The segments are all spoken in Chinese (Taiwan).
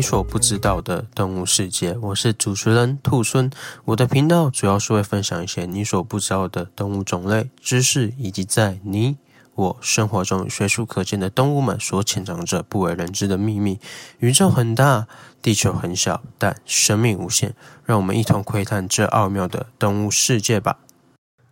你所不知道的動物世界，我是主持人兔猻。我的頻道主要是會分享一些你所不知道的動物種類知識，以及在你我生活中隨處可見的動物們所潛藏着不為人知的秘密。宇宙很大，地球很小，但生命無限。讓我們一同窺探這奧妙的動物世界吧！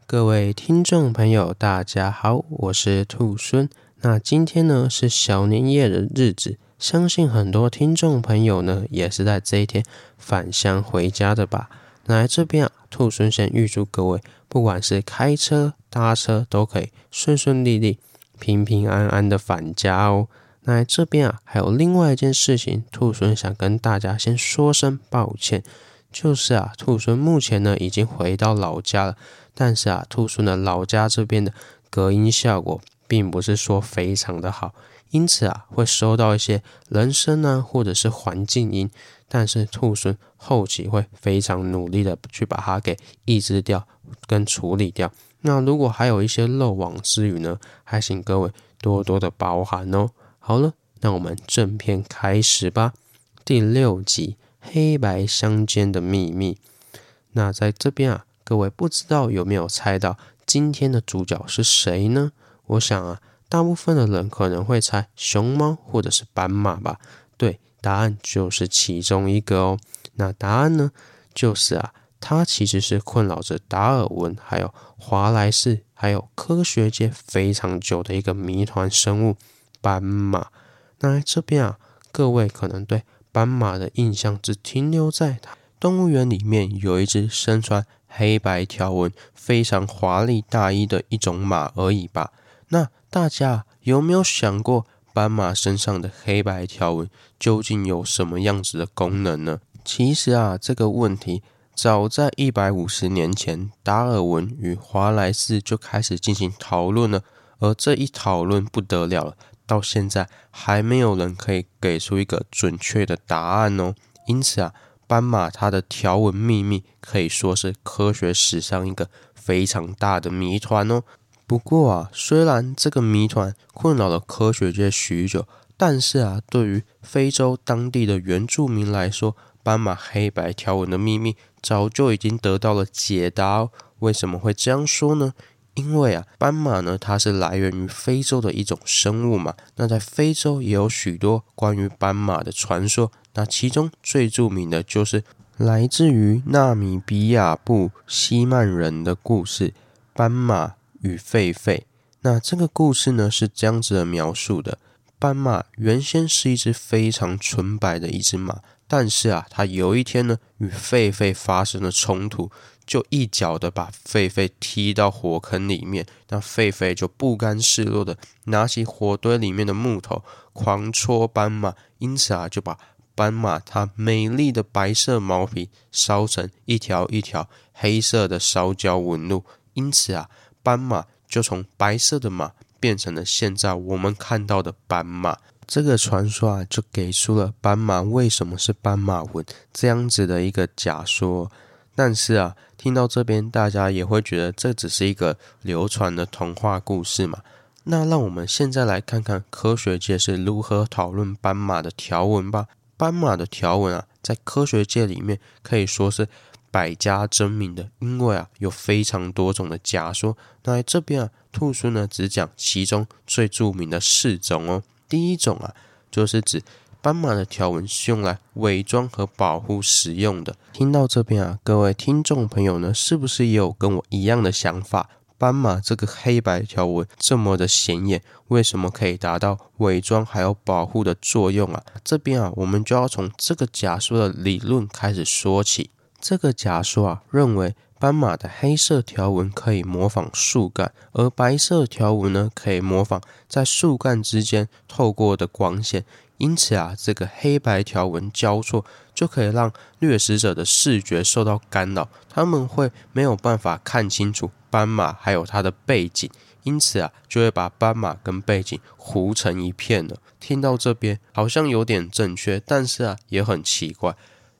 各位聽眾朋友，大家好，我是兔猻。那今天呢是小年夜的日子。相信很多聽眾朋友呢，也是在這一天返鄉回家的吧？來這邊啊，兔猻先預祝各位，不管是開車、搭車，都可以順順利利、平平安安的返家哦。那這邊啊，還有另外一件事情，兔猻想跟大家先說聲抱歉，就是啊，兔猻目前呢已經回到老家了，但是啊，兔猻的老家這邊的隔音效果，並不是說非常的好，因此啊，會收到一些人聲啊，或者是環境音。但是兔猻後期會非常努力的去把它給抑制掉，跟處理掉。那如果還有一些漏網之魚呢，還請各位多多的包涵哦。好了，那我們正片開始吧。第六集《黑白相間的秘密》。那在這邊啊，各位不知道有沒有猜到今天的主角是誰呢？我想啊，大部分的人可能會猜熊貓或者是斑馬吧？對，答案就是其中一個哦。那答案呢？就是啊，它其實是困擾着達爾文、還有華萊士、還有科學界非常久的一個謎團生物——斑馬。那在這邊啊，各位可能對斑馬的印象只停留在它動物園裡面有一隻身穿黑白條紋、非常華麗大衣的一種馬而已吧。那大家有沒有想過，斑馬身上的黑白條紋究竟有什麼樣子的功能呢？其實啊，這個問題早在一百五十年前，達爾文與華萊士就開始進行討論了。而這一討論不得了了，到現在還沒有人可以給出一個準確的答案哦。因此啊，斑馬它的條紋秘密可以說是科學史上一個非常大的謎團哦。不過啊，雖然這個謎團困擾了科學界許久，但是啊，對於非洲當地的原住民來說，斑馬黑白條紋的秘密早就已經得到了解答哦。為什麼會這樣說呢？因為啊，斑馬呢，它是來源於非洲的一種生物嘛。那在非洲也有許多關於斑馬的傳說，那其中最著名的就是來自於納米比亞布希曼人的故事——斑馬。與狒狒，那這個故事呢是這樣子的描述的：斑馬原先是一隻非常純白的一隻馬，但是啊，它有一天呢與狒狒發生了衝突，就一腳的把狒狒踢到火坑裡面。那狒狒就不甘示弱的拿起火堆裡面的木頭狂戳斑馬，因此啊，就把斑馬它美麗的白色毛皮燒成一條一條黑色的燒焦紋路。因此啊。斑馬就從白色的馬變成了現在我們看到的斑馬，這個傳說啊，就給出了斑馬為什麼是斑馬紋這樣子的一個假說。但是啊，聽到這邊大家也會覺得這只是一個流傳的童話故事嘛。那讓我們現在來看看科學界是如何討論斑馬的條紋吧。斑馬的條紋啊，在科學界裡面可以說是，百家爭鳴的，因為啊有非常多種的假說。那這邊啊，兔猻呢只講其中最著名的四種哦。第一種啊，就是指斑馬的條紋是用來偽裝和保護使用的。聽到這邊啊，各位聽眾朋友呢，是不是也有跟我一樣的想法？斑馬這個黑白條紋這麼的顯眼，為什麼可以達到偽裝還有保護的作用啊？這邊啊，我們就要從這個假說的理論開始說起。這個假說啊，認為斑馬的黑色條紋可以模仿樹幹，而白色條紋呢，可以模仿在樹幹之間透過的光線。因此啊，這個黑白條紋交錯就可以讓掠食者的視覺受到干擾，他們會沒有辦法看清楚斑馬還有它的背景。因此啊，就會把斑馬跟背景糊成一片了。聽到這邊好像有點正確，但是啊，也很奇怪。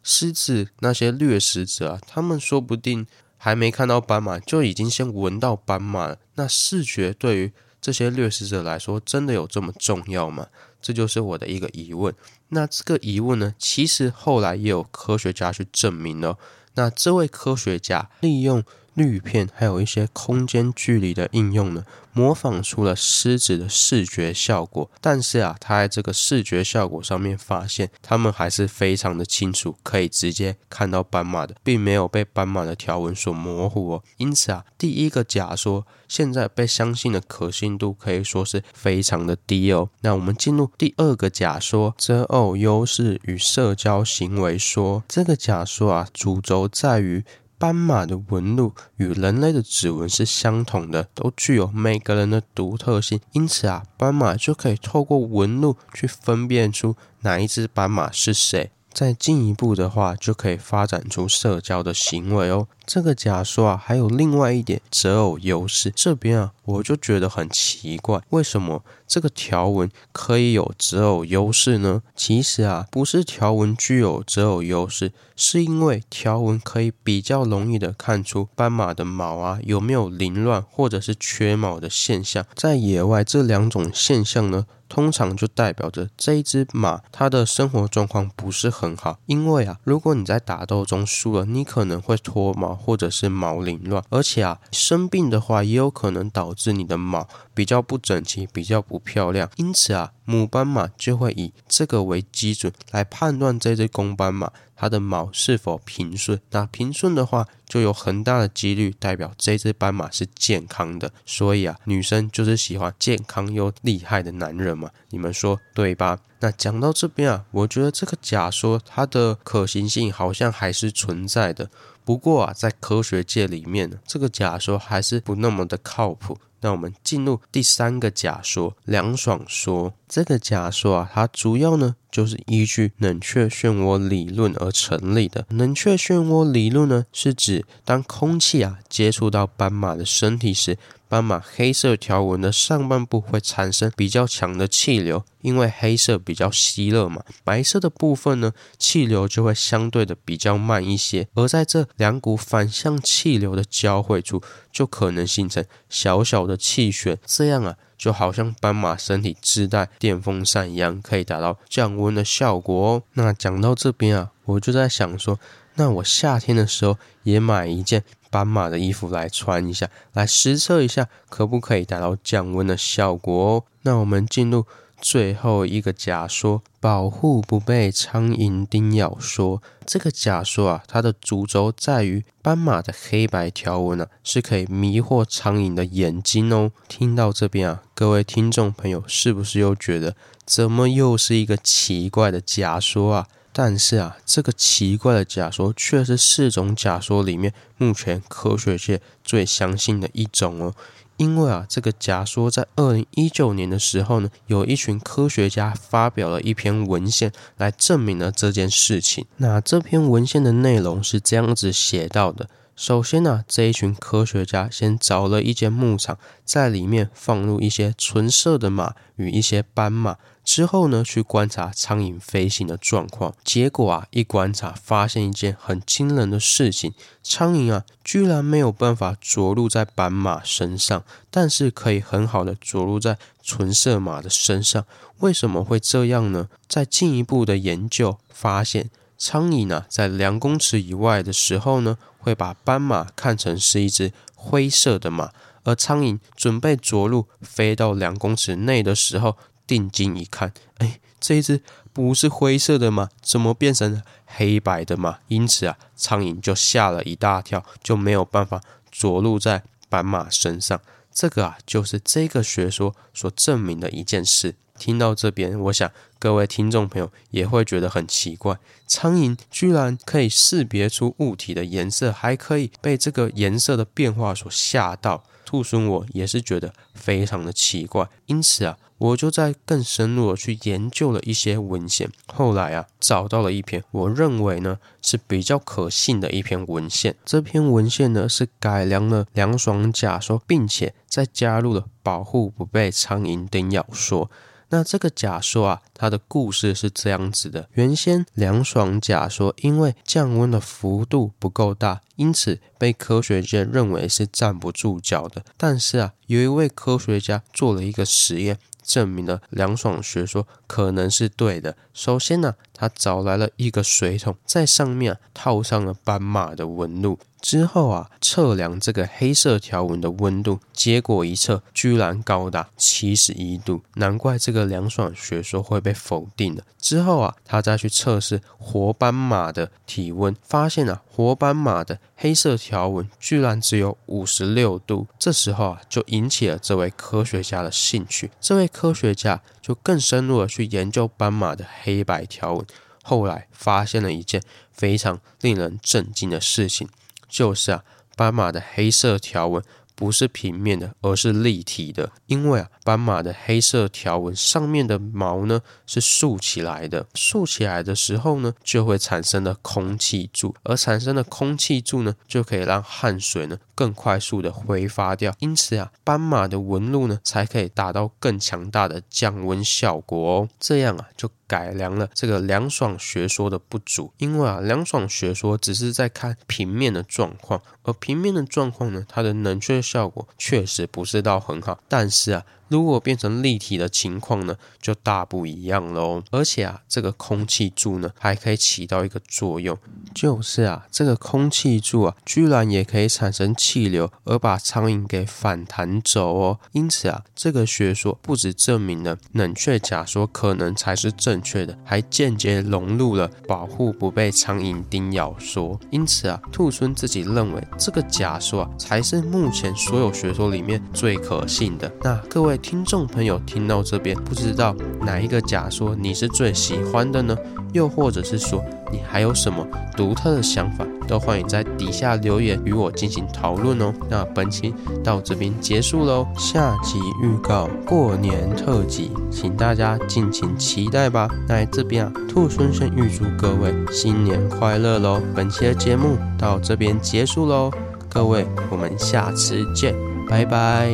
獅子那些掠食者啊，他們說不定還沒看到斑馬，就已經先聞到斑馬了。那視覺對於這些掠食者來說，真的有這麼重要嗎？這就是我的一個疑問。那這個疑問呢，其實後來也有科學家去證明了。那這位科學家利用。濾片還有一些空間距離的應用呢，模仿出了獅子的視覺效果。但是啊，它在這個視覺效果上面發現，他們還是非常的清楚，可以直接看到斑馬的，並沒有被斑馬的條紋所模糊哦。因此啊，第一個假說現在被相信的可信度可以說是非常的低哦。那我們進入第二個假說：擇偶優勢與社交行為說。這個假說啊，主軸在於。斑馬的紋路與人類的指紋是相同的，都具有每個人的獨特性。因此啊，斑馬就可以透過紋路去分辨出哪一隻斑馬是誰。再進一步的話，就可以發展出社交的行為哦。這個假說啊，還有另外一點，擇偶優勢。這邊啊。我就覺得很奇怪，為什麼這個條紋可以有擇偶優勢呢？其實啊，不是條紋具有擇偶優勢，是因為條紋可以比較容易的看出斑馬的毛啊有沒有凌亂或者是缺毛的現象。在野外，這兩種現象呢，通常就代表着這一只馬它的生活狀況不是很好。因為啊，如果你在打鬥中輸了，你可能會脫毛或者是毛凌亂，而且啊，生病的話也有可能導致。是你的毛比較不整齊，比較不漂亮，因此啊，母斑馬就會以這個為基準來判斷這隻公斑馬它的毛是否平順。那平順的話，就有很大的幾率代表這隻斑馬是健康的。所以啊，女生就是喜歡健康又厲害的男人嘛，你們說對吧？那講到這邊啊，我覺得這個假說它的可行性好像還是存在的。不過啊，在科學界裡面，這個假說還是不那麼的靠譜。那我們進入第三個假說，涼爽說。這個假說啊，它主要呢就是依據冷卻漩渦理論而成立的。冷卻漩渦理論呢，是指當空氣啊接觸到斑馬的身體時。斑馬黑色條紋的上半部會產生比較強的氣流，因為黑色比較吸熱嘛。白色的部分呢，氣流就會相對的比較慢一些。而在這兩股反向氣流的交匯處，就可能形成小小的氣旋。這樣啊，就好像斑馬身體自帶電風扇一樣，可以達到降溫的效果哦。那講到這邊啊，我就在想說，那我夏天的時候也買一件。斑馬的衣服來穿一下，來實測一下可不可以達到降溫的效果哦。那我們進入最後一個假說，保護不被蒼蠅叮咬說。說這個假說啊，它的主軸在於斑馬的黑白條紋呢，是可以迷惑蒼蠅的眼睛哦。聽到這邊啊，各位聽眾朋友是不是又覺得怎麼又是一個奇怪的假說啊？但是啊，這個奇怪的假說卻是四種假說裡面目前科學界最相信的一種哦。因為啊，這個假說在二零一九年的時候呢，有一群科學家發表了一篇文獻來證明了這件事情。那這篇文獻的內容是這樣子寫到的：首先呢、啊，這一群科學家先找了一間牧場，在裡面放入一些純色的馬與一些斑馬。之後呢，去觀察蒼蠅飛行的狀況，結果啊，一觀察發現一件很驚人的事情：蒼蠅啊，居然沒有辦法着陸在斑馬身上，但是可以很好的着陸在純色馬的身上。為什麼會這樣呢？再進一步的研究發現，蒼蠅啊，在兩公尺以外的時候呢，會把斑馬看成是一隻灰色的馬，而蒼蠅準備着陸飛到兩公尺內的時候。定睛一看，哎，這一隻不是灰色的嗎？怎麼變成黑白的嘛？因此啊，蒼蠅就嚇了一大跳，就沒有辦法着陸在斑馬身上。這個啊，就是這個學說所證明的一件事。聽到這邊，我想各位聽眾朋友也會覺得很奇怪，蒼蠅居然可以識別出物體的顏色，還可以被這個顏色的變化所嚇到。兔猻，我也是覺得非常的奇怪，因此啊，我就在更深入的去研究了一些文獻。後來啊，找到了一篇我認為呢是比較可信的一篇文獻。這篇文獻呢是改良了涼爽假說，並且再加入了保護不被蒼蠅叮咬說。那這個假說啊，它的故事是這樣子的：原先涼爽假說因為降溫的幅度不夠大，因此被科學界認為是站不住腳的。但是啊，有一位科學家做了一個實驗，證明了涼爽學說可能是對的。首先呢、啊，他找來了一個水桶，在上面啊套上了斑馬的紋路。之後啊，測量這個黑色條紋的溫度，結果一測居然高達七十一度，難怪這個涼爽學說會被否定了。之後啊，他再去測試活斑馬的體溫，發現啊，活斑馬的黑色條紋居然只有五十六度。這時候啊，就引起了這位科學家的興趣。這位科學家就更深入的去研究斑馬的黑白條紋，後來發現了一件非常令人震驚的事情。就是啊，斑馬的黑色條紋不是平面的，而是立體的。因為啊，斑馬的黑色條紋上面的毛呢是豎起來的，豎起來的時候呢，就會產生了空氣柱，而產生的空氣柱呢，就可以讓汗水呢更快速的揮發掉。因此啊，斑馬的紋路呢，才可以達到更強大的降溫效果哦。這樣啊，就。改良了這個涼爽學說的不足，因為啊，涼爽學說只是在看平面的狀況，而平面的狀況呢，它的冷卻效果確實不是到很好，但是啊。如果變成立體的情況呢，就大不一樣嘍。而且啊，這個空氣柱呢，還可以起到一個作用，就是啊，這個空氣柱啊，居然也可以產生氣流，而把蒼蠅給反彈走哦。因此啊，這個學說不止證明了冷卻假說可能才是正確的，還間接融入了保護不被蒼蠅叮咬說。因此啊，兔猻自己認為這個假說啊，才是目前所有學說裡面最可信的。那各位。聽眾朋友聽到這邊，不知道哪一個假說你是最喜歡的呢？又或者是說你還有什麼獨特的想法，都歡迎在底下留言與我進行討論哦。那本期到這邊結束嘍，下集預告過年特輯，請大家敬請期待吧。那這邊啊，兔猻先預祝各位新年快樂嘍！本期的節目到這邊結束嘍，各位我們下次見，拜拜。